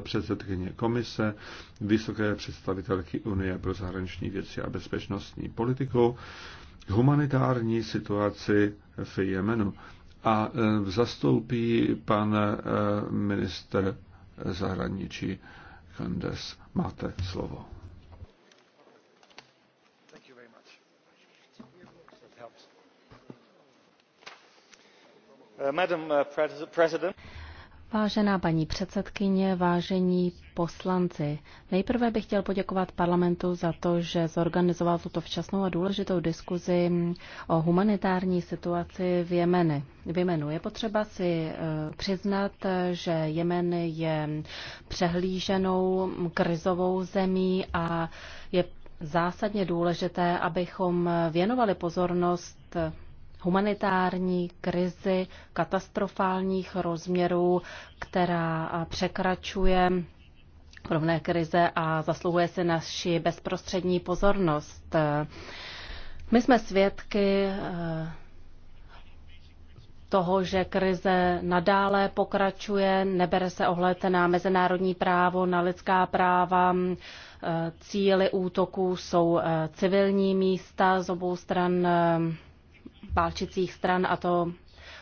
předsedkyně komise, vysoké představitelky Unie pro zahraniční věci a bezpečnostní politiku, humanitární situaci v Jemenu. A e, zastoupí pan e, minister zahraničí Kandes. Máte slovo. Uh, Madam uh, President, Vážená paní předsedkyně, vážení poslanci, nejprve bych chtěl poděkovat parlamentu za to, že zorganizoval tuto včasnou a důležitou diskuzi o humanitární situaci v, Jemeni. v Jemenu. Je potřeba si eh, přiznat, že Jemen je přehlíženou krizovou zemí a je zásadně důležité, abychom věnovali pozornost humanitární krizi katastrofálních rozměrů, která překračuje rovné krize a zasluhuje si naši bezprostřední pozornost. My jsme svědky e, toho, že krize nadále pokračuje, nebere se ohled na mezinárodní právo, na lidská práva, e, cíly útoků jsou e, civilní místa z obou stran válčicích stran a to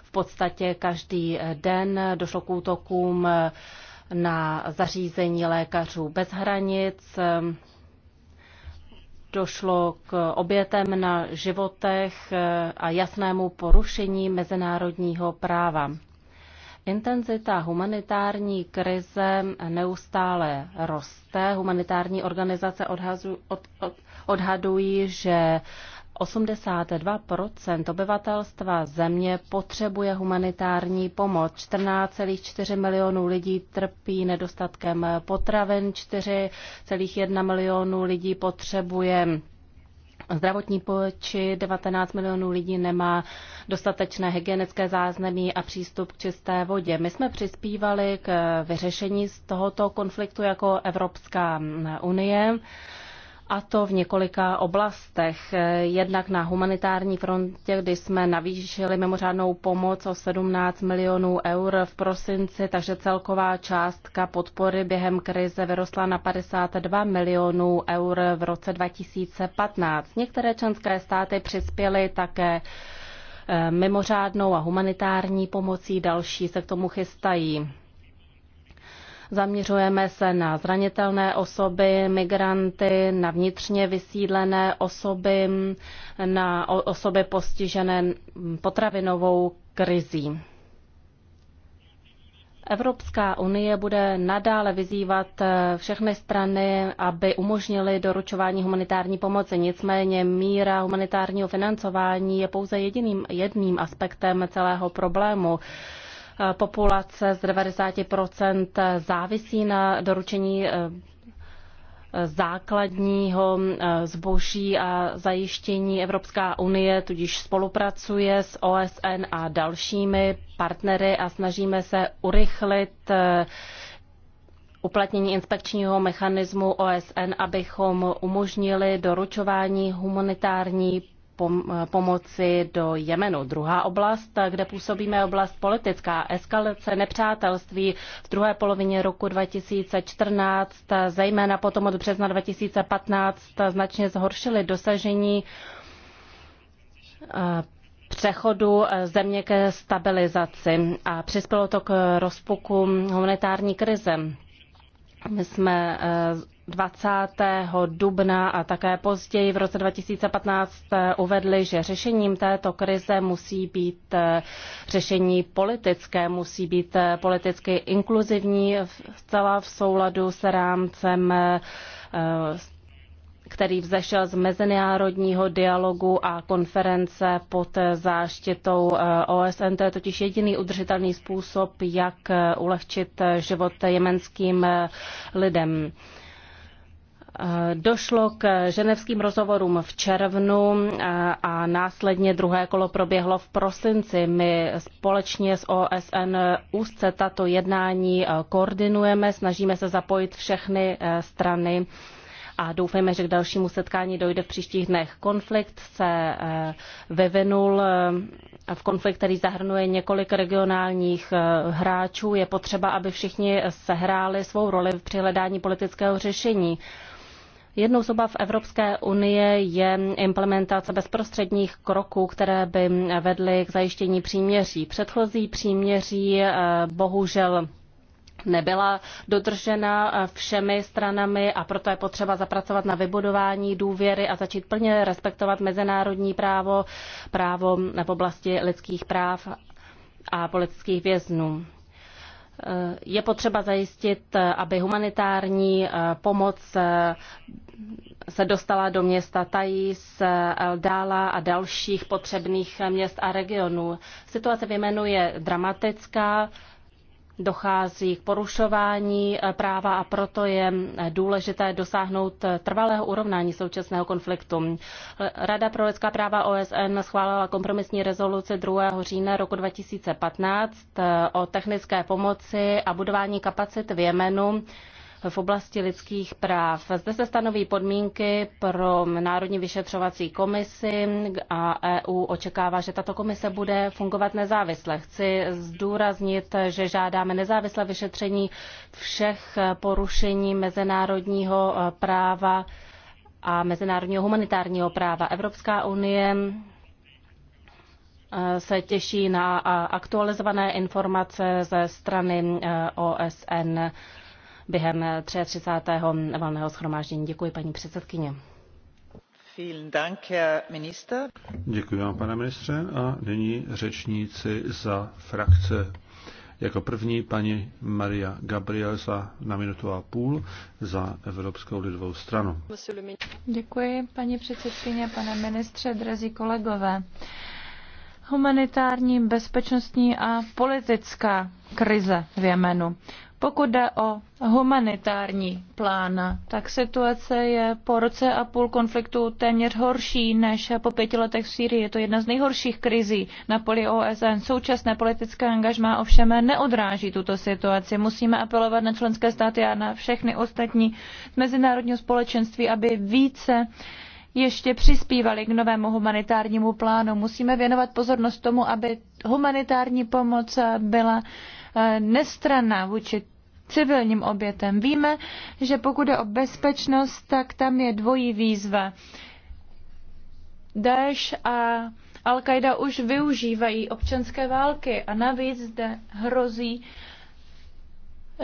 v podstatě každý den došlo k útokům na zařízení lékařů bez hranic, došlo k obětem na životech a jasnému porušení mezinárodního práva. Intenzita humanitární krize neustále roste. Humanitární organizace odhazu, od, od, odhadují, že 82 obyvatelstva země potřebuje humanitární pomoc. 14,4 milionů lidí trpí nedostatkem potravin, 4,1 milionů lidí potřebuje zdravotní poči, 19 milionů lidí nemá dostatečné hygienické záznamy a přístup k čisté vodě. My jsme přispívali k vyřešení z tohoto konfliktu jako Evropská unie a to v několika oblastech. Jednak na humanitární frontě, kdy jsme navýšili mimořádnou pomoc o 17 milionů eur v prosinci, takže celková částka podpory během krize vyrostla na 52 milionů eur v roce 2015. Některé členské státy přispěly také eh, mimořádnou a humanitární pomocí, další se k tomu chystají. Zaměřujeme se na zranitelné osoby, migranty, na vnitřně vysídlené osoby, na osoby postižené potravinovou krizí. Evropská unie bude nadále vyzývat eh, všechny strany, aby umožnili doručování humanitární pomoci. Nicméně míra humanitárního financování je pouze jediným, jedním aspektem celého problému populace z 90% závisí na doručení eh, základního eh, zboží a zajištění Evropská unie tudíž spolupracuje s OSN a dalšími partnery a snažíme se urychlit eh, uplatnění inspekčního mechanismu OSN, abychom umožnili doručování humanitární pom- pomoci do Jemenu. Druhá oblast, kde působíme, je oblast politická. Eskalace nepřátelství v druhé polovině roku 2014, zejména potom od března 2015, značně zhoršily dosažení eh, přechodu eh, země ke stabilizaci a přispělo to k rozpuku humanitární krize. My jsme eh, 20. dubna a také později v roce 2015 uvedli, že řešením této krize musí být eh, řešení politické, musí být eh, politicky inkluzivní, zcela v souladu s rámcem eh, který vzešel z mezinárodního dialogu a konference pod záštitou OSN. To je totiž jediný udržitelný způsob, jak ulehčit život jemenským lidem. Eh, došlo k ženevským rozhovorům v červnu eh, a následně druhé kolo proběhlo v prosinci. My společně s OSN úzce tato jednání eh, koordinujeme, snažíme se zapojit všechny strany a doufejme, že k dalšímu setkání dojde v příštích dnech. Konflikt se vyvinul v konflikt, který zahrnuje několik regionálních hráčů. Je potřeba, aby všichni sehráli svou roli v přihledání politického řešení. Jednou z obav Evropské unie je implementace bezprostředních kroků, které by vedly k zajištění příměří. Předchozí příměří eh, bohužel nebyla dodržena eh, všemi stranami a proto je potřeba zapracovat na vybudování důvěry a začít plně respektovat mezinárodní právo, právo v oblasti lidských práv a politických věznů. Eh, je potřeba zajistit, eh, aby humanitární eh, pomoc se dostala do města Tajis, Dála a dalších potřebných měst a regionů. Situace je dramatická, dochází k porušování eh, práva a proto je eh, důležité dosáhnout eh, trvalého urovnání současného konfliktu. Rada pro lidská práva OSN schválila kompromisní rezoluci 2. října roku 2015 o technické pomoci a budování kapacit v Jemenu v oblasti lidských práv. Zde se stanoví podmínky pro Národní vyšetřovací komisi a EU očekává, že tato komise bude fungovat nezávisle. Chci zdůraznit, že žádáme nezávislé vyšetření všech porušení mezinárodního eh, práva a mezinárodního humanitárního práva. Evropská unie eh, se těší na eh, aktualizované informace ze strany OSN během 33. valného schromáždění. Děkuji, paní předsedkyně. Děkuji vám, pane ministře. A nyní řečníci za frakce. Jako první paní Maria Gabriel za na minutu a půl za Evropskou lidovou stranu. Děkuji, paní předsedkyně, pane ministře, drazí kolegové humanitární, bezpečnostní a politická krize v Jemenu. Pokud jde o humanitární plán, tak situace je po roce a půl konfliktu téměř horší než po pěti letech v Sýrii. Je to jedna z nejhorších krizí na poli OSN. Současné politické angažmá ovšem neodráží tuto situaci. Musíme apelovat na členské státy a na všechny ostatní mezinárodního společenství, aby více ještě přispívali k novému humanitárnímu plánu. Musíme věnovat pozornost tomu, aby humanitární pomoc byla eh, nestranná vůči civilním obětem. Víme, že pokud je o bezpečnost, tak tam je dvojí výzva. Daesh a Al-Qaida už využívají občanské války a navíc zde hrozí uh,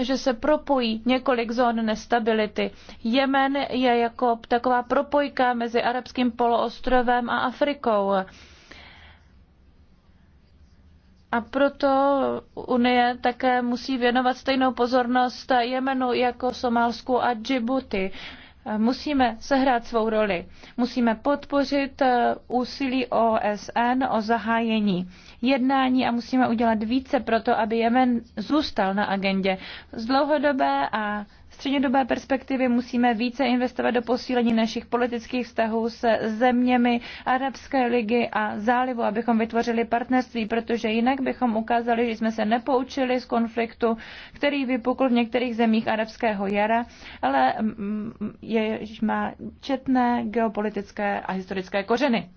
že se propojí několik zón nestability. Jemen je jako taková propojka mezi arabským poloostrovem a Afrikou. A proto Unie také musí věnovat stejnou pozornost Jemenu jako Somálsku a Djibouti musíme sehrát svou roli. Musíme podpořit eh, úsilí OSN o zahájení jednání a musíme udělat více pro to, aby Jemen zůstal na agendě z dlouhodobé a střednědobé perspektivy musíme více investovat do posílení našich politických vztahů se zeměmi Arabské ligy a zálivu, abychom vytvořili partnerství, protože jinak bychom ukázali, že jsme se nepoučili z konfliktu, který vypukl v některých zemích arabského jara, ale mm, mm, jež má četné geopolitické a historické kořeny.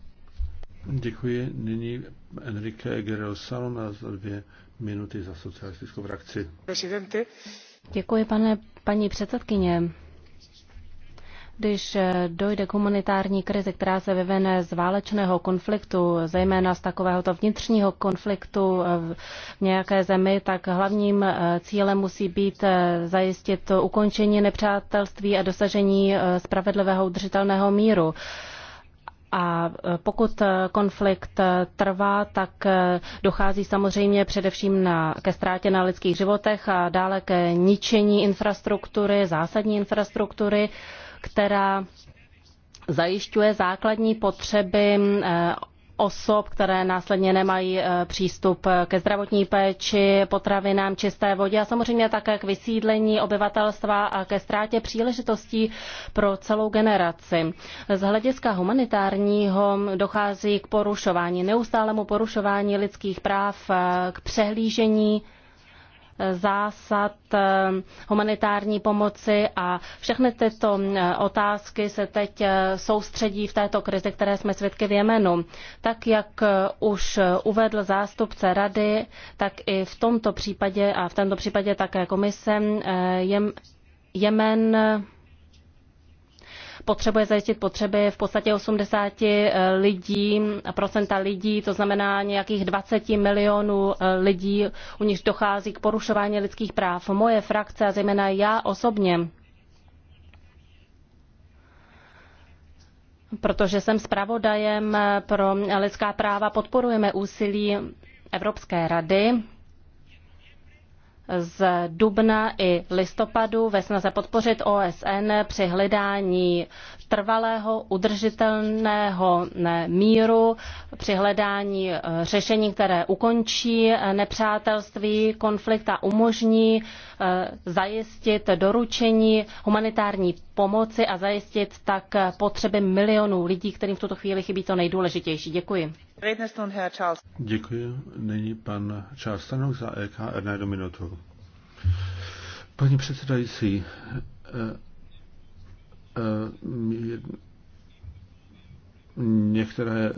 Děkuji. Nyní Enrique Guerrero Salom na dvě minuty za socialistickou frakci. Presidente. Děkuji, pane, paní předsedkyně. Když eh, dojde k humanitární krizi, která se vyvene z válečného konfliktu, zejména z takovéhoto vnitřního konfliktu eh, v nějaké zemi, tak hlavním eh, cílem musí být zajistit ukončení nepřátelství a dosažení spravedlivého udržitelného míru. A e, pokud e, konflikt e, trvá, tak dochází samozřejmě především na, ke ztrátě na lidských životech a dále ke ničení infrastruktury, zásadní infrastruktury, která zajišťuje základní potřeby osob, které následně nemají eh, přístup eh, ke zdravotní péči, potravinám, čisté vodě a samozřejmě také k vysídlení obyvatelstva a ke ztrátě příležitostí pro celou generaci. Z hlediska humanitárního dochází k porušování, neustálému porušování lidských práv, eh, k přehlížení zásad eh, humanitární pomoci a všechny tyto eh, otázky se teď eh, soustředí v této krizi, které jsme svědky v Jemenu. Tak, jak už uvedl zástupce rady, tak i v tomto případě a v tomto případě také komise Jemen potřebuje zajistit potřeby v podstatě 80 eh, lidí, procenta lidí, to znamená nějakých 20 milionů eh, lidí, u nich dochází k porušování lidských práv. Moje frakce a zejména já osobně protože jsem zpravodajem eh, pro lidská práva, podporujeme úsilí Evropské rady z dubna i listopadu ve snaze podpořit OSN při hledání trvalého, udržitelného míru při hledání eh, řešení, které ukončí eh, nepřátelství, konflikt a umožní eh, zajistit doručení humanitární pomoci a zajistit tak potřeby milionů lidí, kterým v tuto chvíli chybí to nejdůležitější. Děkuji. Děkuji. Nyní pan Charles Stanok za EKR na jednu minutu. Paní předsedající, Eh, některé eh,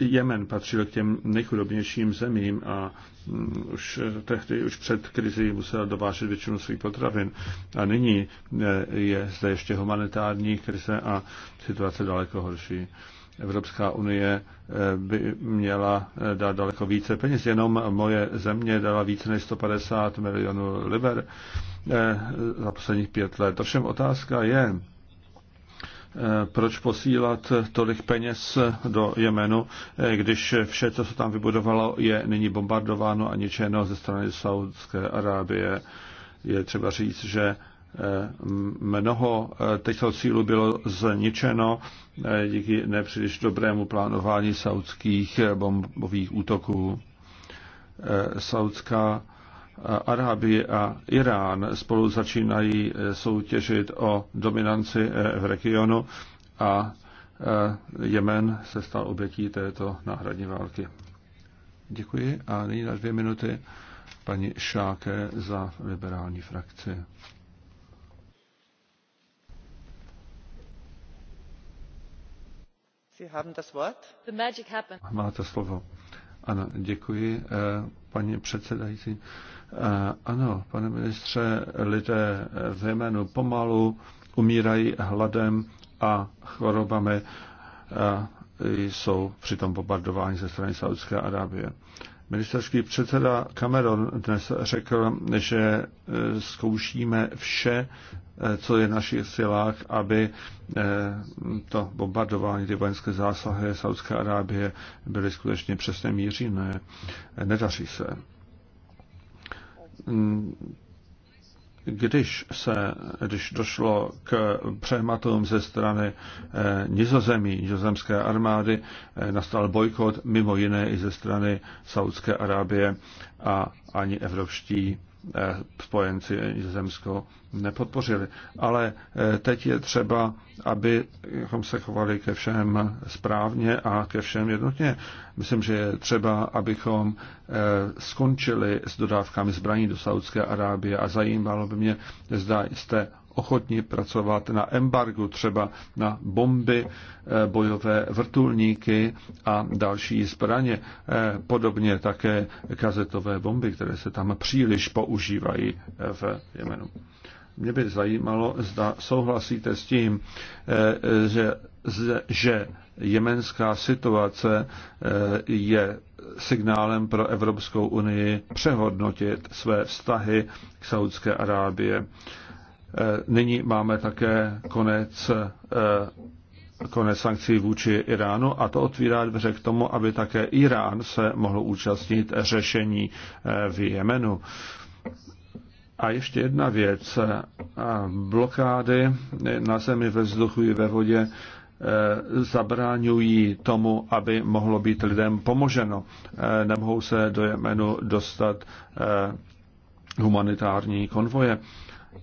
Jemen patřil k těm nejchudobnějším zemím a mm, už eh, tehdy, už před krizi musel dovážet většinu svých potravin. A nyní je zde ještě humanitární krize a situace daleko horší. Evropská unie eh, by měla eh, dát daleko více peněz. Jenom moje země dala více než 150 milionů liber eh, za posledních pět let. Ovšem otázka je, proč posílat tolik peněz do Jemenu, když vše, co se tam vybudovalo, je nyní bombardováno a ničeno ze strany Saudské Arábie. Je třeba říct, že Eh, mnoho eh, těchto cílů bylo zničeno eh, díky nepříliš dobrému plánování saudských bombových útoků. Saudská Arábie a Irán spolu začínají soutěžit o dominanci v regionu a Jemen se stal obětí této náhradní války. Děkuji a nyní na dvě minuty paní Šáke za liberální frakci. Máte slovo. Ano, děkuji, eh, paní předsedající. Eh, ano, pane ministře, lidé eh, v jménu pomalu umírají hladem a chorobami a jsou přitom bombardováni ze strany Saudské Arábie. Ministerský předseda Cameron dnes řekl, že e, zkoušíme vše, e, co je v našich silách, aby e, to bombardování, ty vojenské zásahy Saudské Arábie byly skutečně přesně mířené. Nedaří se když, se, když došlo k přehmatům ze strany eh, nizozemí, nizozemské armády, eh, nastal bojkot mimo jiné i ze strany Saudské Arábie a ani evropští Eh, spojenci zemsko nepodpořili. Ale eh, teď je třeba, abychom se chovali ke všem správně a ke všem jednotně. Myslím, že je třeba, abychom eh, skončili s dodávkami zbraní do Saudské Arábie a zajímalo by mě, zda jste ochotni pracovat na embargu, třeba na bomby, eh, bojové vrtulníky a další zbraně. Eh, podobně také kazetové bomby, které se tam příliš používají eh, v Jemenu. Mě by zajímalo, zda souhlasíte s tím, že, že jemenská situace je signálem pro Evropskou unii přehodnotit své vztahy k Saudské Arábie Eh, nyní máme také konec, eh, konec sankcí vůči Iránu a to otvírá dveře k tomu, aby také Irán se mohl účastnit řešení eh, v Jemenu. A ještě jedna věc. Blokády na zemi, ve vzduchu i ve vodě zabráňují tomu, aby mohlo být lidem pomoženo. Nemohou se do Jemenu dostat humanitární konvoje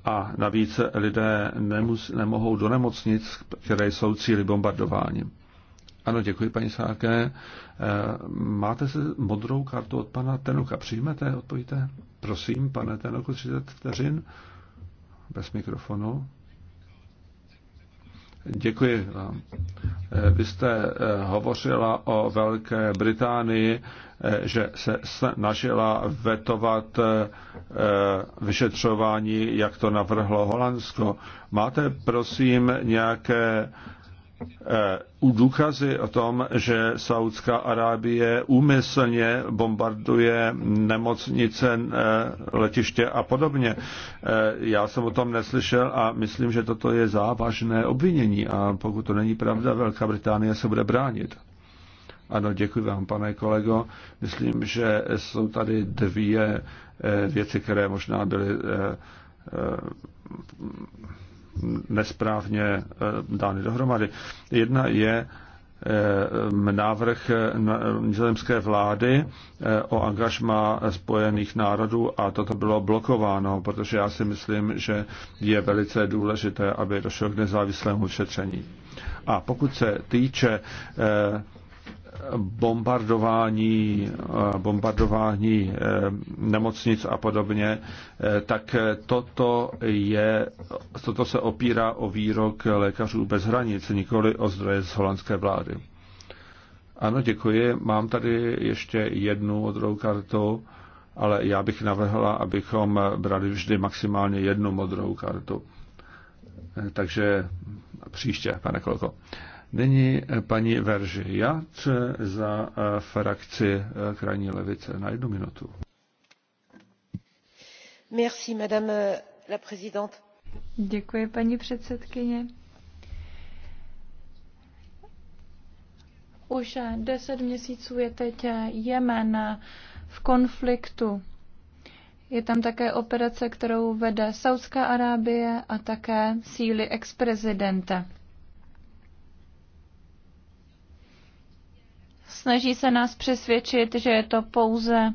a navíc lidé nemus, nemohou do nemocnic, které jsou cíly bombardování. Ano, děkuji, paní Sáké. Eh, máte se modrou kartu od pana Tenuka. Přijmete, odpovíte? Prosím, pane Tenuku, 30 vteřin. Bez mikrofonu. Děkuji vám. Eh, vy jste eh, hovořila o Velké Británii, eh, že se snažila vetovat vyšetřování, jak to navrhlo Holandsko. Máte prosím nějaké Eh, důkazy o tom, že Saudská Arábie úmyslně bombarduje nemocnice, eh, letiště a podobně. Eh, já jsem o tom neslyšel a myslím, že toto je závažné obvinění a pokud to není pravda, Velká Británie se bude bránit. Ano, děkuji vám, pane kolego. Myslím, že jsou tady dvě věci, které možná byly nesprávně eh, dány dohromady. Jedna je eh, návrh eh, nizozemské vlády o angažma Spojených národů a toto bylo blokováno, protože já si myslím, že je velice důležité, aby došlo k nezávislému šetření. A pokud se týče bombardování, bombardování eh, nemocnic a podobně, eh, tak toto, je, toto se opírá o výrok lékařů bez hranic, nikoli o zdroje z holandské vlády. Ano, děkuji. Mám tady ještě jednu modrou kartu, ale já bych navrhla, abychom brali vždy maximálně jednu modrou kartu. Eh, takže příště, pane kolego. Nyní eh, paní Veržiat za eh, frakci eh, krajní levice na jednu minutu. Merci, madame la présidente. Děkuji, paní předsedkyně. Už deset měsíců je teď Jemen v konfliktu. Je tam také operace, kterou vede Saudská Arábie a také síly ex-prezidenta. Snaží se nás přesvědčit, že je to pouze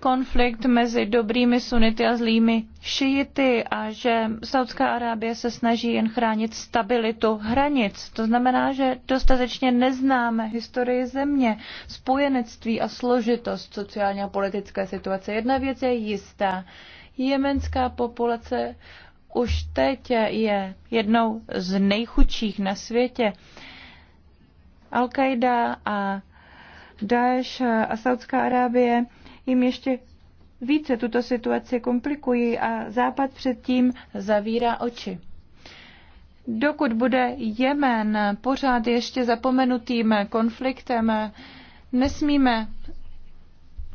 konflikt mezi dobrými sunity a zlými šijity a že Saudská Arábie se snaží jen chránit stabilitu hranic. To znamená, že dostatečně neznáme historii země, spojenectví a složitost sociálně a politické situace. Jedna věc je jistá. Jemenská populace už teď je jednou z nejchudších na světě. Al-Qaida a Daesh a Saudská Arábie jim ještě více tuto situaci komplikují a Západ předtím zavírá oči. Dokud bude Jemen pořád ještě zapomenutým konfliktem, nesmíme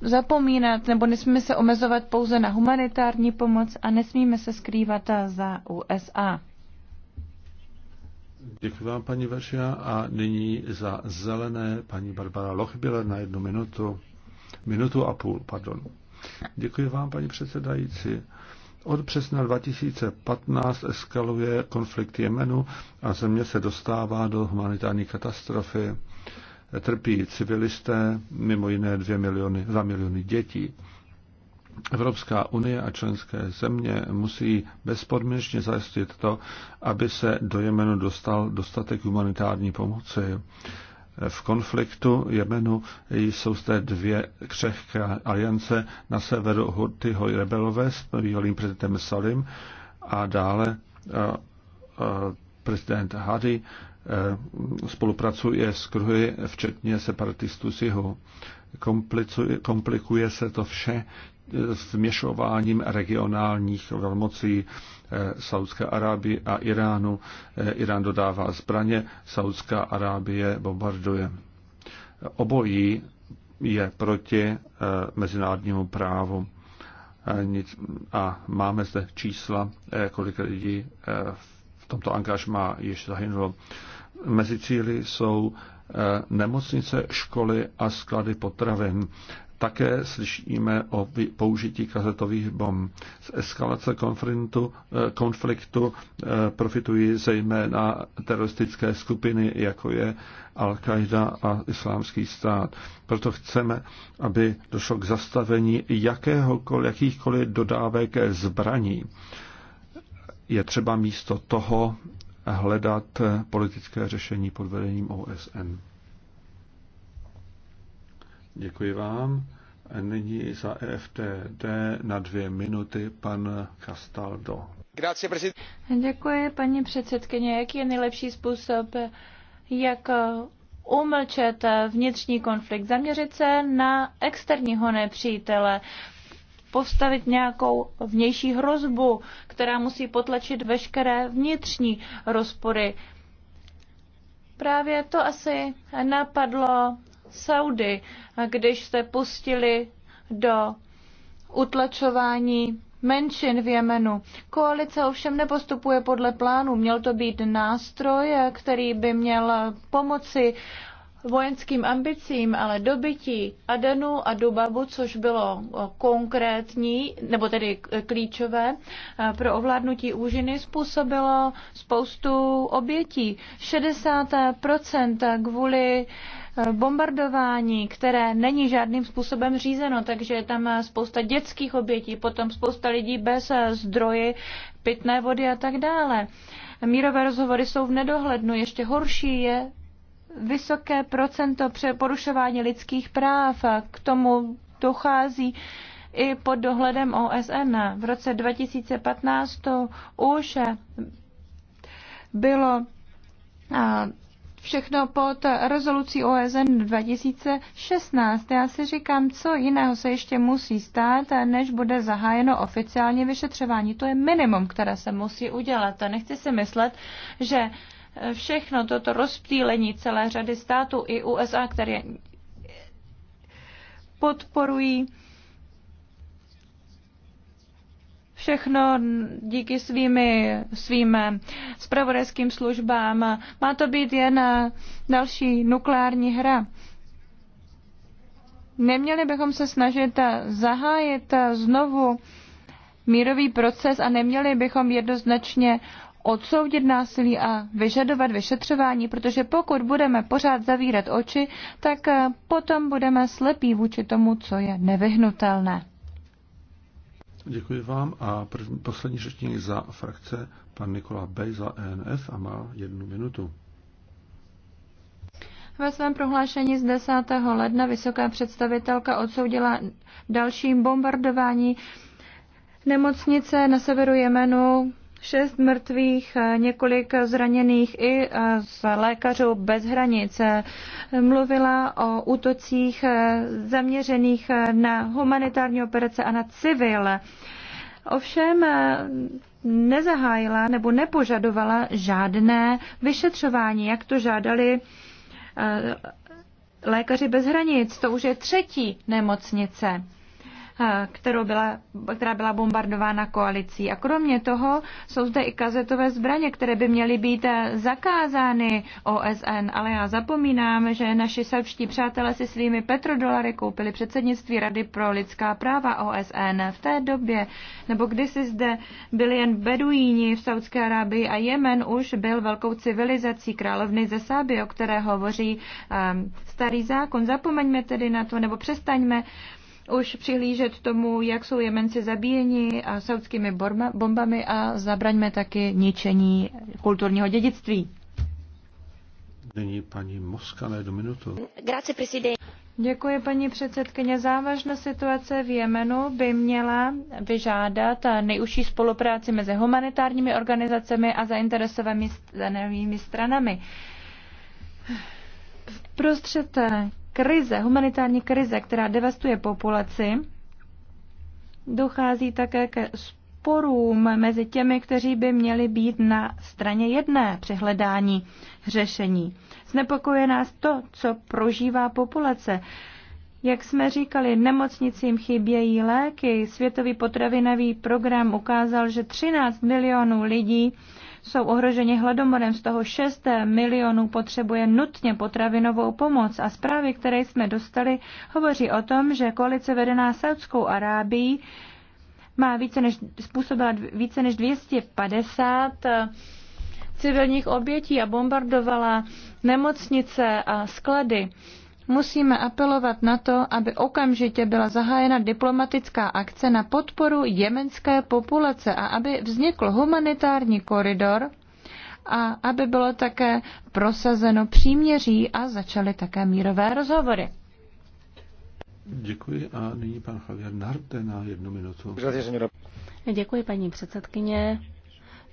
zapomínat nebo nesmíme se omezovat pouze na humanitární pomoc a nesmíme se skrývat za USA. Děkuji vám, paní Veřia, A nyní za zelené paní Barbara Lochbiller na jednu minutu. Minutu a půl, pardon. Děkuji vám, paní předsedající. Od března 2015 eskaluje konflikt Jemenu a země se dostává do humanitární katastrofy. Trpí civilisté, mimo jiné dvě miliony, dva miliony dětí. Evropská unie a členské země musí bezpodmínečně zajistit to, aby se do Jemenu dostal dostatek humanitární pomoci. V konfliktu Jemenu jsou zde dvě křehké aliance na severu Hurtyho rebelové s bývalým prezidentem Salim a dále prezident Hadi spolupracuje s kruhy, včetně separatistů z jihu. Komplikuje se to vše vměšováním regionálních velmocí eh, Saudské Arábie a Iránu. Eh, Irán dodává zbraně, Saudská Arábie bombarduje. Obojí je proti eh, mezinárodnímu právu. A máme zde čísla, kolik lidí v tomto angažmá již zahynulo. Mezi cíly jsou nemocnice, školy a sklady potravin. Také slyšíme o použití kazetových bomb. Z eskalace eh, konfliktu, konfliktu eh, profitují zejména teroristické skupiny, jako je Al-Qaida a islámský stát. Proto chceme, aby došlo k zastavení jakéhokoliv, jakýchkoliv dodávek zbraní. Je třeba místo toho hledat politické řešení pod vedením OSN. Děkuji vám. Nyní za EFTD na dvě minuty pan Castaldo. Děkuji, paní předsedkyně. Jaký je nejlepší způsob, jak umlčet vnitřní konflikt, zaměřit se na externího nepřítele, postavit nějakou vnější hrozbu, která musí potlačit veškeré vnitřní rozpory. Právě to asi napadlo Saudy, když se pustili do utlačování menšin v Jemenu. Koalice ovšem nepostupuje podle plánu. Měl to být nástroj, který by měl pomoci vojenským ambicím, ale dobytí Adenu a Dubabu, což bylo konkrétní, nebo tedy klíčové, pro ovládnutí úžiny způsobilo spoustu obětí. 60% kvůli uh, bombardování, které není žádným způsobem řízeno, takže je tam spousta dětských obětí, potom spousta lidí bez zdroje pitné vody a tak dále. Mírové rozhovory jsou v nedohlednu. Ještě horší je vysoké procento porušování lidských práv. a K tomu dochází i pod dohledem OSN. V roce 2015 to už bylo všechno pod rezolucí OSN 2016. Já si říkám, co jiného se ještě musí stát, než bude zahájeno oficiálně vyšetřování. To je minimum, které se musí udělat. A nechci si myslet, že všechno toto rozptýlení celé řady států i USA, které podporují všechno díky svými, svým spravodajským službám. Má to být jen další nukleární hra. Neměli bychom se snažit zahájit znovu mírový proces a neměli bychom jednoznačně odsoudit násilí a vyžadovat vyšetřování, protože pokud budeme pořád zavírat oči, tak potom budeme slepí vůči tomu, co je nevyhnutelné. Děkuji vám a první, poslední řečník za frakce, pan Nikola Bej za ENF a má jednu minutu. Ve svém prohlášení z 10. ledna vysoká představitelka odsoudila další bombardování nemocnice na severu Jemenu Šest mrtvých, eh, několik zraněných i eh, z lékařů bez hranic. Mluvila o útocích eh, zaměřených na humanitární operace a na civil. Ovšem nezahájila nebo nepožadovala žádné vyšetřování, jak to žádali lékaři bez hranic. To už je třetí nemocnice kterou byla, která byla bombardována koalicí. A kromě toho jsou zde i kazetové zbraně, které by měly být e, zakázány OSN, ale já zapomínám, že naši srbští přátelé si svými petrodolary koupili předsednictví Rady pro lidská práva OSN v té době, nebo kdysi zde byli jen beduíni v Saudské Arábii a Jemen už byl velkou civilizací královny ze Sáby, o které hovoří um, starý zákon. Zapomeňme tedy na to, nebo přestaňme uh, už přihlížet tomu, jak jsou Jemenci zabíjeni a saudskými bombami a zabraňme taky ničení kulturního dědictví. Nyní paní Moskané do minutu. Děkuji, paní předsedkyně. Závažná situace v Jemenu by měla vyžádat nejužší spolupráci mezi humanitárními organizacemi a zainteresovanými stranami. Prostřed krize, humanitární krize, která devastuje populaci, dochází také ke sporům mezi těmi, kteří by měli být na straně jedné při hledání řešení. Znepokuje nás to, co prožívá populace. Jak jsme říkali, nemocnicím chybějí léky. Světový potravinový program ukázal, že 13 milionů lidí jsou ohroženi hladomorem, z toho 6 milionů potřebuje nutně potravinovou pomoc a zprávy, které jsme dostali, hovoří o tom, že koalice vedená Saudskou Arábií má více než, způsobila více než 250 eh, civilních obětí a bombardovala nemocnice a sklady musíme apelovat na to, aby okamžitě byla zahájena diplomatická akce na podporu jemenské populace a aby vznikl humanitární koridor a aby bylo také prosazeno příměří a začaly také mírové rozhovory. Děkuji a nyní pan Javier Narte na jednu minutu. Děkuji paní předsedkyně.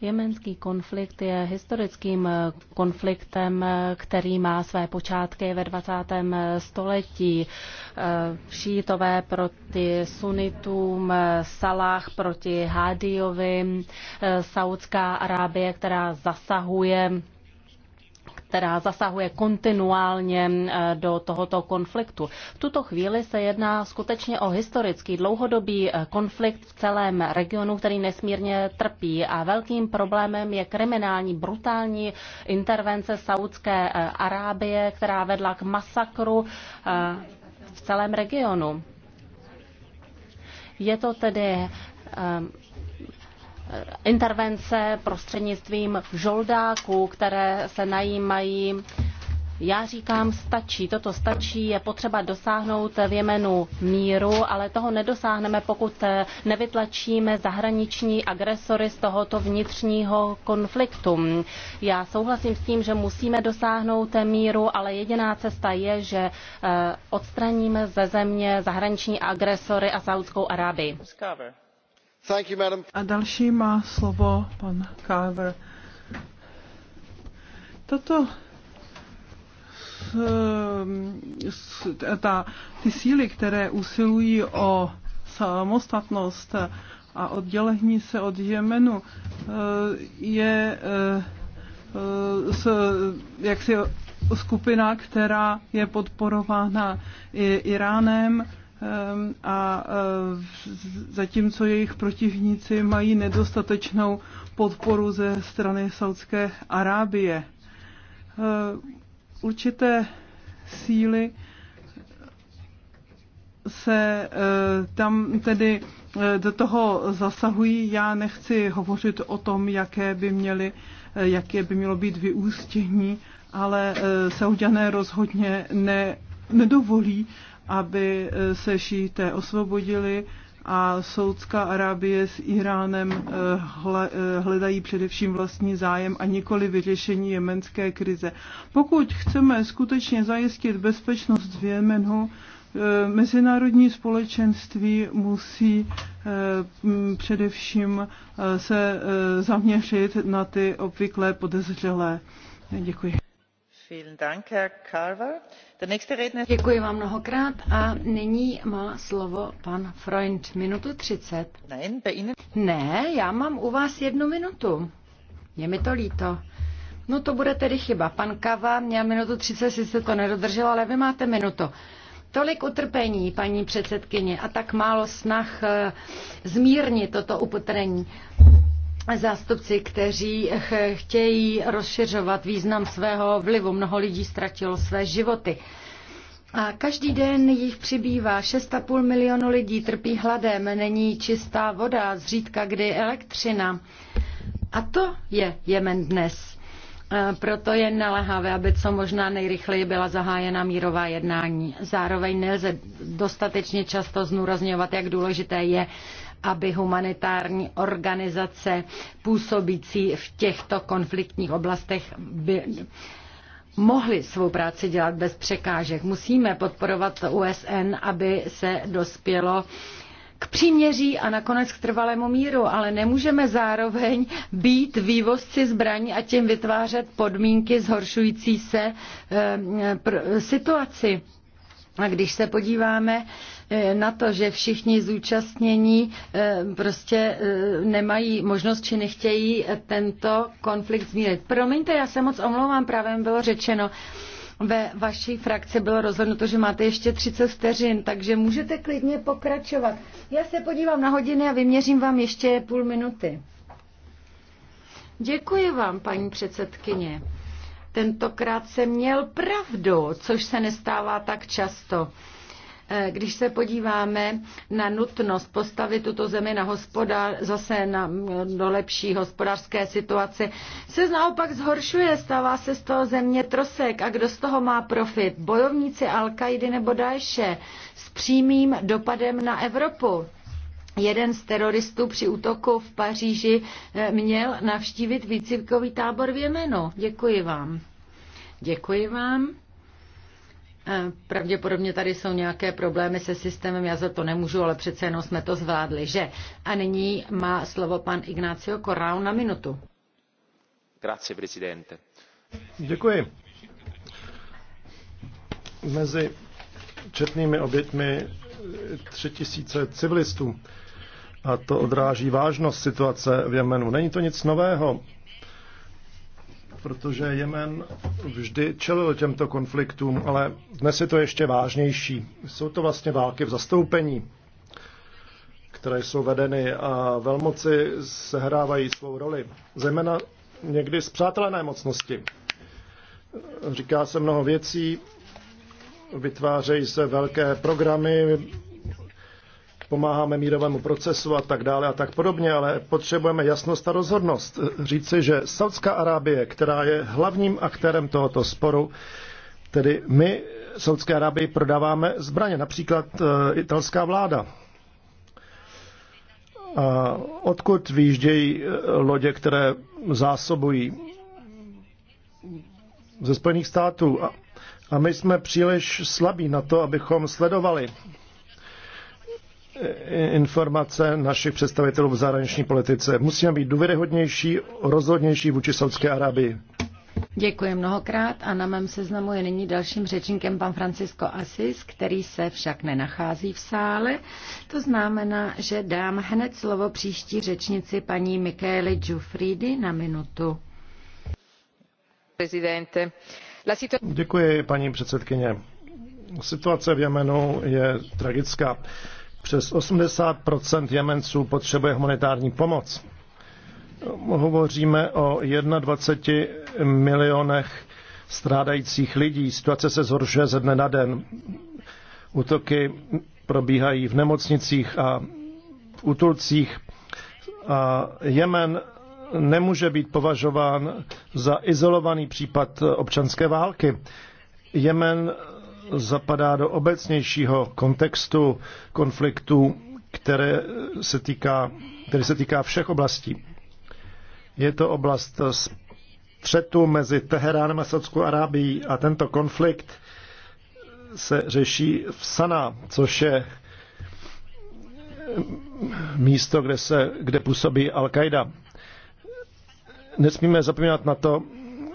Jemenský konflikt je historickým eh, konfliktem, eh, který má své počátky ve 20. Eh, století. Šítové proti sunitům, Salah proti Hádiovi, Saudská Arábie, která zasahuje která zasahuje kontinuálně eh, do tohoto konfliktu. V tuto chvíli se jedná skutečně o historický dlouhodobý eh, konflikt v celém regionu, který nesmírně trpí a velkým problémem je kriminální brutální intervence Saudské eh, Arábie, která vedla k masakru v celém regionu. Je to tedy intervence prostřednictvím žoldáků, které se najímají. Já říkám, stačí, toto stačí, je potřeba dosáhnout v Jemenu míru, ale toho nedosáhneme, pokud nevytlačíme zahraniční agresory z tohoto vnitřního konfliktu. Já souhlasím s tím, že musíme dosáhnout míru, ale jediná cesta je, že eh, odstraníme ze země zahraniční agresory a Saudskou Arábii. A další má slovo pan Carver. Toto s, ta, ty síly, které usilují o samostatnost a oddělení se od Jemenu, je s, jaksi skupina, která je podporována Iránem Ehm, a ehm, zatímco jejich protivníci mají nedostatečnou podporu ze strany Saudské Arábie. Ehm, určité síly se tam tedy do toho zasahují. Já nechci hovořit o tom, jaké by, měly, jaké by mělo být vyústění, ale Saudiané rozhodně ne, nedovolí, aby eh, se šíité osvobodili a Soudská Arábie s Iránem eh, eh, hledají především vlastní zájem a nikoli vyřešení jemenské krize. Pokud chceme skutečně zajistit bezpečnost v Jemenu, mezinárodní společenství musí především se zaměřit na ty obvyklé podezřelé. Děkuji. Děkuji vám mnohokrát a nyní má slovo pan Freund. Minutu třicet. Ne, já mám u vás jednu minutu. Je mi to líto. No to bude tedy chyba. Pan Kava měl minutu 30, sice to nedodržel, ale vy máte minutu. Tolik utrpení, paní předsedkyně, a tak málo snah eh, zmírnit toto upotrení zástupci, kteří chtějí rozšiřovat význam svého vlivu. Mnoho lidí ztratilo své životy. A každý den jich přibývá. 6,5 milionu lidí trpí hladem, není čistá voda, zřídka kdy elektřina. A to je Jemen dnes. E, proto je naléhavé, aby co možná nejrychleji byla zahájena mírová jednání. Zároveň nelze dostatečně často znůrazňovat, jak důležité je aby humanitární organizace působící v těchto konfliktních oblastech by mohli svou práci dělat bez překážek. Musíme podporovat USN, aby se dospělo k příměří a nakonec k trvalému míru, ale nemůžeme zároveň být vývozci zbraní a tím vytvářet podmínky zhoršující se e, pr, situaci. A když se podíváme Eh, na to, že všichni zúčastnění eh, prostě eh, nemají možnost či nechtějí tento konflikt zmírit. Promiňte, já se moc omlouvám, právě bylo řečeno, ve vaší frakci bylo rozhodnuto, že máte ještě 30 vteřin, takže můžete klidně pokračovat. Já se podívám na hodiny a vyměřím vám ještě půl minuty. Děkuji vám, paní předsedkyně. Tentokrát jsem měl pravdu, což se nestává tak často. Eh, když se podíváme na nutnost postavit tuto zemi na hospodář, zase na, mm, do lepší hospodářské situace, se naopak zhoršuje, stává se z toho země trosek. A kdo z toho má profit? Bojovníci al nebo Daeše s přímým dopadem na Evropu. Jeden z teroristů při útoku v Paříži eh, měl navštívit výcvikový tábor v Jemenu. Děkuji vám. Děkuji vám. Pravděpodobně tady jsou nějaké problémy se systémem, já za to nemůžu, ale přece jenom jsme to zvládli, že? A nyní má slovo pan Ignacio Corrao na minutu. Grazie, presidente. Děkuji. Mezi četnými obětmi tři tisíce civilistů. A to odráží vážnost situace v Jemenu. Není to nic nového protože Jemen vždy čelil těmto konfliktům, ale dnes je to ještě vážnější. Jsou to vlastně války v zastoupení, které jsou vedeny a velmoci sehrávají svou roli, zejména někdy z přátelé mocnosti. Říká se mnoho věcí, vytvářejí se velké programy, pomáháme mírovému procesu a tak dále a tak podobně, ale potřebujeme jasnost a rozhodnost. Říci, že Saudská Arábie, která je hlavním aktérem tohoto sporu, tedy my Saudské Arábii prodáváme zbraně, například e, italská vláda. A odkud vyjíždějí e, lodě, které zásobují ze Spojených států? A my jsme příliš slabí na to, abychom sledovali informace našich představitelů v zahraniční politice. Musíme být důvěryhodnější, rozhodnější vůči Saudské Arábii. Děkuji mnohokrát a na mém seznamu je nyní dalším řečníkem pan Francisco Asis, který se však nenachází v sále. To znamená, že dám hned slovo příští řečnici paní Michele Giuffridi na minutu. Prezidente. Děkuji, paní předsedkyně. Situace v Jemenu je tragická. Přes 80 Jemenců potřebuje humanitární pomoc. Hovoříme o 21 milionech strádajících lidí. Situace se zhoršuje ze dne na den. Útoky probíhají v nemocnicích a v útulcích. A Jemen nemůže být považován za izolovaný případ občanské války. Jemen zapadá do obecnějšího kontextu konfliktu, které se týká, který se týká všech oblastí. Je to oblast střetu mezi Teheránem a Saudskou Arábií a tento konflikt se řeší v Sana, což je místo, kde, se, kde působí Al-Qaida. Nesmíme zapomínat na to,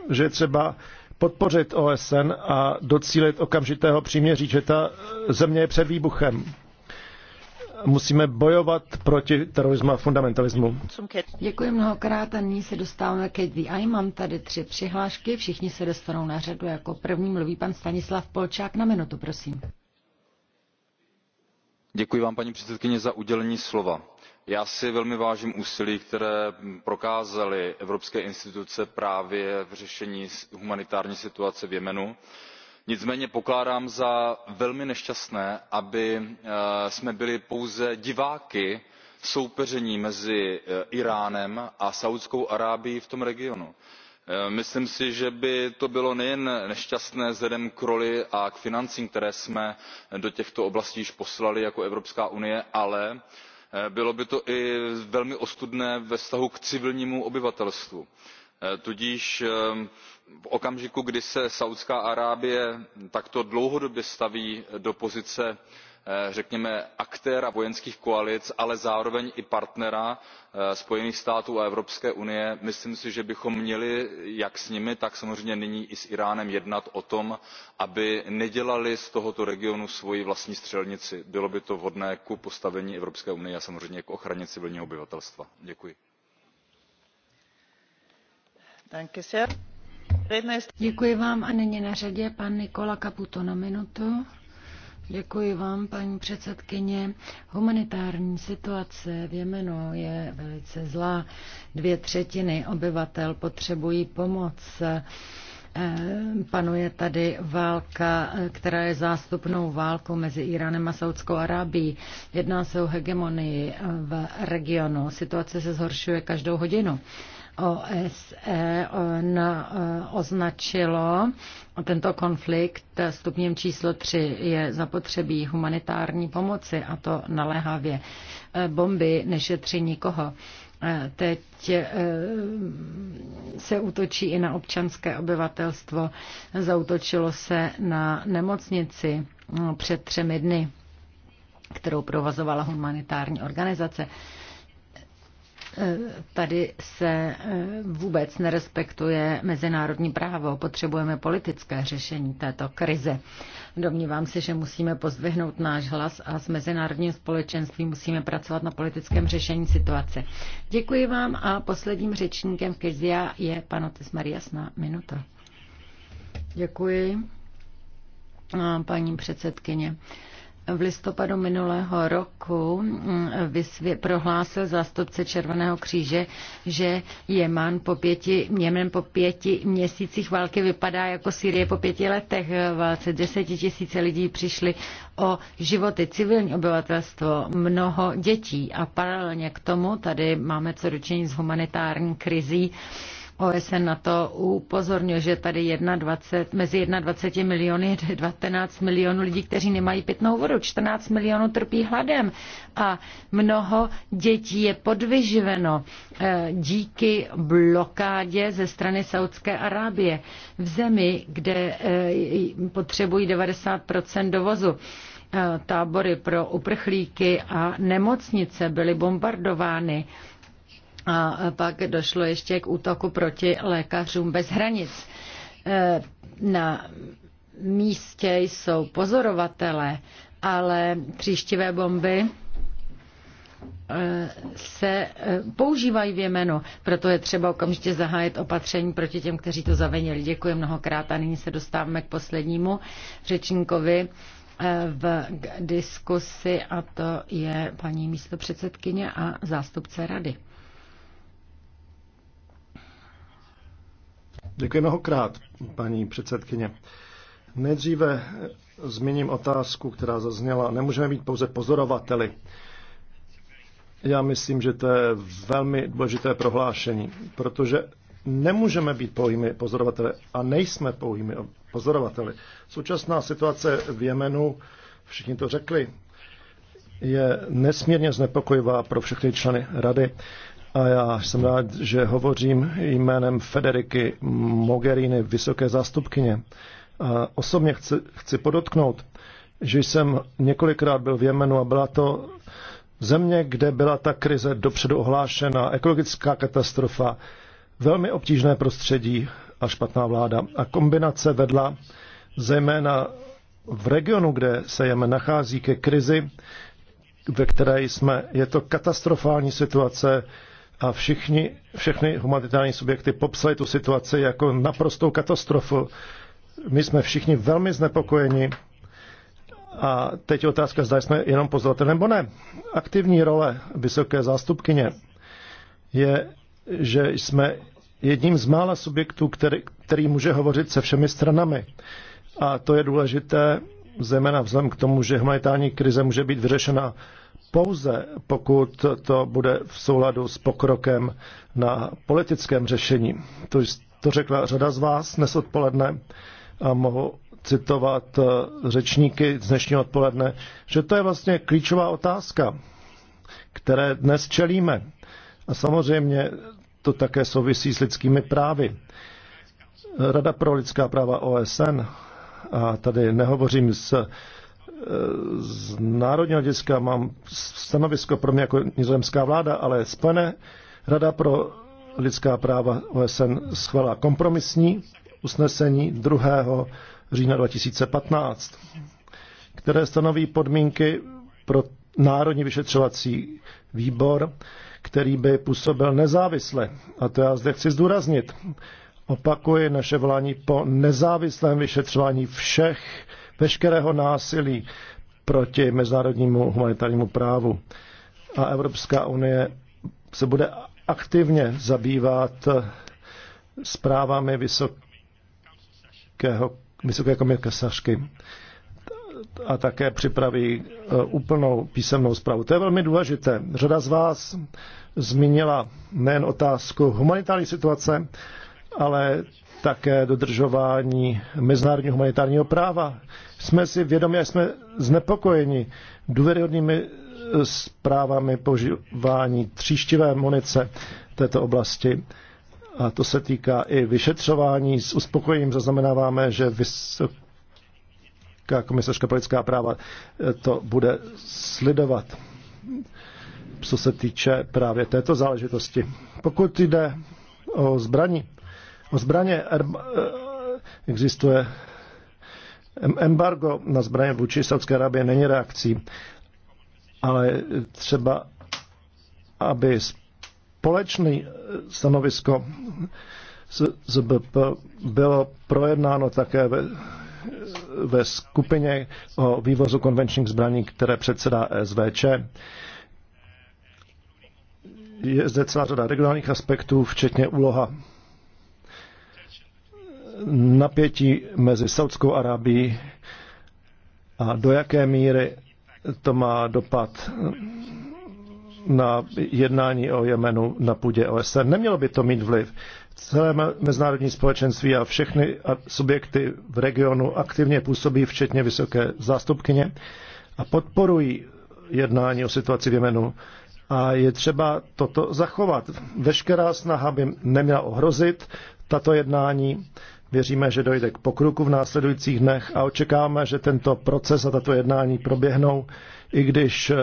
že třeba podpořit OSN a docílit okamžitého příměří, že ta země je před výbuchem. Musíme bojovat proti terorismu a fundamentalismu. Děkuji mnohokrát a nyní se dostáváme ke DVI. Mám tady tři přihlášky, všichni se dostanou na řadu. Jako první mluví pan Stanislav Polčák na minutu, prosím paní předsedající já si velmi vážím úsilí které prokázaly evropské instituce právě v řešení humanitární situace v jemenu nicméně pokládám za velmi nešťastné abychom eh, byli pouze diváky soupeření mezi íránem eh, a saúdskou arábií v tom regionu. Eh, myslím si že by to bylo nejen nešťastné vzhledem k roli a k financím které jsme do těchto oblastí již poslali jako evropská unie ale eh, bylo by to i velmi ostudné ve vztahu k civilnímu obyvatelstvu. Eh, tudíž v okamžiku kdy se saúdská arábie takto dlouhodobě staví do pozice Eh, řekněme aktéra vojenských koalic ale zároveň i partnera eh, spojených států a evropské unie myslím si že bychom měli jak s nimi tak samozřejmě nyní i s íránem jednat o tom aby nedělali z tohoto regionu svoji vlastní střelnici bylo by to vhodné k postavení evropské unie a samozřejmě k ochraně civilního obyvatelstva. děkuji. Děkuji vám a Nicola Caputo na minutu. Děkuji vám, paní předsedkyně. Humanitární situace v Jemenu je velice zlá. Dvě třetiny obyvatel potřebují pomoc. Eh, panuje tady válka, eh, která je zástupnou válkou mezi Iránem a Saudskou Arábií. Jedná se o hegemonii eh, v regionu. Situace se zhoršuje každou hodinu. OSE na, e, označilo tento konflikt stupněm číslo 3 je zapotřebí humanitární pomoci a to naléhavě. E, bomby nešetří nikoho. E, teď se útočí i na občanské obyvatelstvo. Zautočilo se na nemocnici před třemi dny, kterou provozovala humanitární organizace. E, tady se e, vůbec nerespektuje mezinárodní právo. Potřebujeme politické řešení této krize. Domnívám se, že musíme pozdvihnout náš hlas a s mezinárodním společenstvím musíme pracovat na politickém řešení situace. Děkuji vám a posledním řečníkem Kezia je pan Otis Marias na minuto. Děkuji, paní předsedkyně v listopadu minulého roku mm, vysvě- prohlásil zástupce Červeného kříže, že Jemen po pěti, Jemen po pěti měsících války vypadá jako Syrie po pěti letech válce. tisíce lidí přišli o životy, civilní obyvatelstvo, mnoho dětí a paralelně k tomu tady máme co dočinit s humanitární krizí OSN na to upozorňuje, že tady 21, mezi 21 miliony 19 milionů lidí, kteří nemají pitnou vodu, 14 milionů trpí hladem a mnoho dětí je podvyživeno eh, díky blokádě ze strany Saudské Arábie v zemi, kde eh, potřebují 90 dovozu eh, tábory pro uprchlíky a nemocnice byly bombardovány. A pak došlo ještě k útoku proti lékařům bez hranic. E, na místě jsou pozorovatelé, ale příštivé bomby e, se e, používají v Jemenu, proto je třeba okamžitě zahájit opatření proti těm, kteří to zavenili. Děkuji mnohokrát a nyní se dostáváme k poslednímu řečníkovi v diskusi a to je paní místopředsedkyně a zástupce rady. Děkuji mnohokrát, paní předsedkyně. Nejdříve zmíním otázku, která zazněla. Nemůžeme být pouze pozorovateli. Já myslím, že to je velmi důležité prohlášení, protože nemůžeme být pouhými pozorovateli a nejsme pouhými pozorovateli. Současná situace v Jemenu, všichni to řekli, je nesmírně znepokojivá pro všechny členy rady. A já jsem rád, že hovořím jménem Federiky Mogherini, vysoké zástupkyně. A osobně chci, chci podotknout, že jsem několikrát byl v Jemenu a byla to země, kde byla ta krize dopředu ohlášena, ekologická katastrofa, velmi obtížné prostředí a špatná vláda. A kombinace vedla zejména v regionu, kde se Jemen nachází ke krizi, ve které jsme. Je to katastrofální situace, a všichni, všechny humanitární subjekty popsali tu situaci jako naprostou katastrofu. My jsme všichni velmi znepokojeni a teď otázka, zda jsme jenom pozorovatel nebo ne. Aktivní role vysoké zástupkyně je, že jsme jedním z mála subjektů, který, který může hovořit se všemi stranami. A to je důležité, zejména vzhledem k tomu, že humanitární krize může být vyřešena pouze pokud to bude v souladu s pokrokem na politickém řešení. To, to řekla řada z vás dnes odpoledne a mohu citovat eh, řečníky z dnešního odpoledne, že to je vlastně klíčová otázka, které dnes čelíme. A samozřejmě to také souvisí s lidskými právy. Rada pro lidská práva OSN, a tady nehovořím s z národního hlediska mám stanovisko pro mě jako nizozemská vláda, ale Spojené rada pro lidská práva OSN schválila kompromisní usnesení 2. října 2015, které stanoví podmínky pro Národní vyšetřovací výbor, který by působil nezávisle. A to já zde chci zdůraznit. Opakuje naše volání po nezávislém vyšetřování všech veškerého násilí proti mezinárodnímu humanitárnímu právu. A Evropská unie se bude aktivně zabývat zprávami vysokého, vysoké komisařky a také připraví e, úplnou písemnou zprávu. To je velmi důležité. Řada z vás zmínila nejen otázku humanitární situace, ale také dodržování mezinárodního humanitárního práva. Jsme si vědomi, jak jsme znepokojeni důvěryhodnými eh, zprávami požívání tříštivé munice této oblasti. A to se týká i vyšetřování. S uspokojením zaznamenáváme, že Vysoká komisařka pro lidská práva eh, to bude sledovat, co se týče právě této záležitosti. Pokud jde o zbraní, o zbraně eh, existuje Embargo na zbraně vůči Saudské Arábie není reakcí, ale třeba, aby společný eh, stanovisko ZBP bylo projednáno také ve, ve skupině o vývozu konvenčních zbraní, které předsedá SVČ. Je zde celá řada regionálních aspektů, včetně úloha napětí mezi Saudskou Arábií a do jaké míry to má dopad na jednání o Jemenu na půdě OSN. Nemělo by to mít vliv. Celé mezinárodní společenství a všechny subjekty v regionu aktivně působí, včetně vysoké zástupkyně, a podporují jednání o situaci v Jemenu. A je třeba toto zachovat. Veškerá snaha by neměla ohrozit tato jednání Věříme, že dojde k pokroku v následujících dnech a očekáváme, že tento proces a tato jednání proběhnou, i když eh,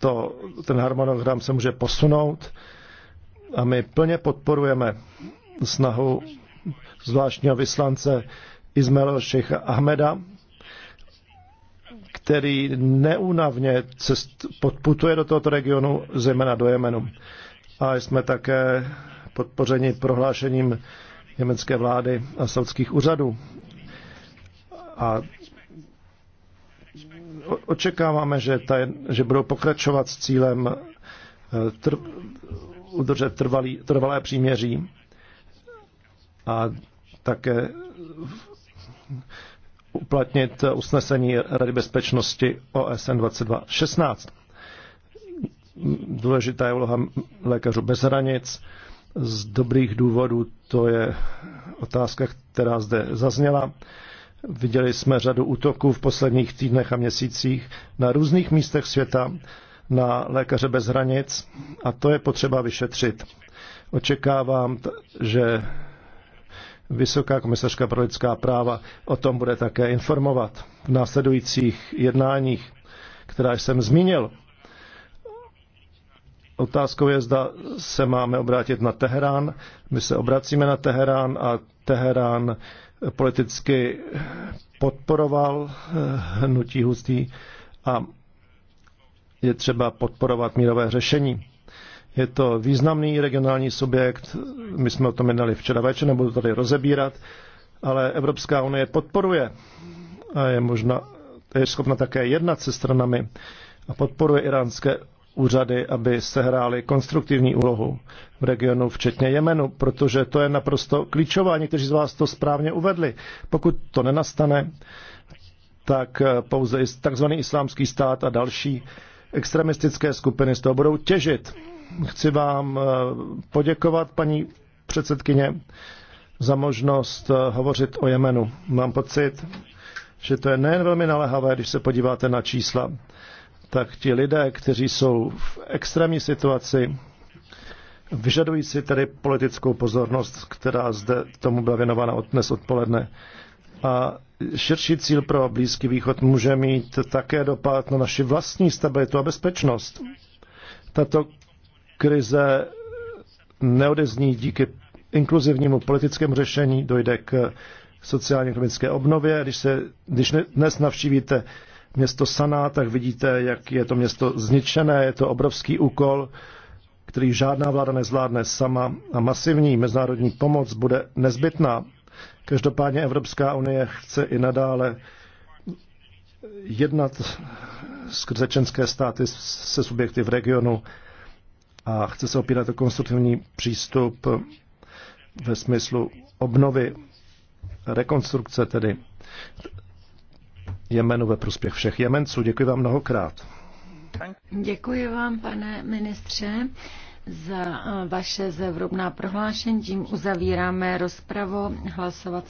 to, ten harmonogram se může posunout. A my plně podporujeme snahu zvláštního vyslance Izmaela Sheikh Ahmeda, který neúnavně cest, podputuje do tohoto regionu, zejména do Jemenu. A jsme také podpořeni prohlášením Jemenské vlády a saudských úřadů. A očekáváme, že, ta, že budou pokračovat s cílem eh, tr, udržet trvalý, trvalé příměří a také uplatnit usnesení Rady bezpečnosti OSN 2216. Důležitá je úloha lékařů bez hranic z dobrých důvodů, to je otázka, která zde zazněla. Viděli jsme řadu útoků v posledních týdnech a měsících na různých místech světa na lékaře bez hranic a to je potřeba vyšetřit. Očekávám, že Vysoká komisařka pro lidská práva o tom bude také informovat v následujících jednáních, která jsem zmínil. Otázkou je, zda se máme obrátit na Teherán. My se obracíme na Teherán a Teherán politicky podporoval eh, hnutí hustý a je třeba podporovat mírové řešení. Je to významný regionální subjekt, my jsme o tom jednali včera večer, nebudu tady rozebírat, ale Evropská unie podporuje a je možná je schopna také jednat se stranami a podporuje iránské úřady, aby sehrály konstruktivní úlohu v regionu, včetně Jemenu, protože to je naprosto klíčová. Někteří z vás to správně uvedli. Pokud to nenastane, tak eh, pouze tzv. islámský stát a další extremistické skupiny z toho budou těžit. Chci vám eh, poděkovat, paní předsedkyně, za možnost eh, hovořit o Jemenu. Mám pocit, že to je nejen velmi naléhavé, když se podíváte na čísla, tak ti lidé, kteří jsou v extrémní situaci, vyžadují si tedy politickou pozornost, která zde tomu byla věnována od dnes odpoledne. A širší cíl pro Blízký východ může mít také dopad na naši vlastní stabilitu a bezpečnost. Tato krize neodezní díky inkluzivnímu politickému řešení, dojde k sociálně-ekonomické obnově. Když, se, když dnes navštívíte město Saná, tak vidíte, jak je to město zničené. Je to obrovský úkol, který žádná vláda nezvládne sama a masivní mezinárodní pomoc bude nezbytná. Každopádně Evropská unie chce i nadále jednat skrze členské státy se subjekty v regionu a chce se opírat o konstruktivní přístup ve smyslu obnovy, rekonstrukce tedy. Jemenu ve prospěch všech Jemenců. Děkuji vám mnohokrát. Děkuji vám, pane ministře, za eh, vaše zevrubná prohlášení. Tím uzavíráme rozpravu hlasovat.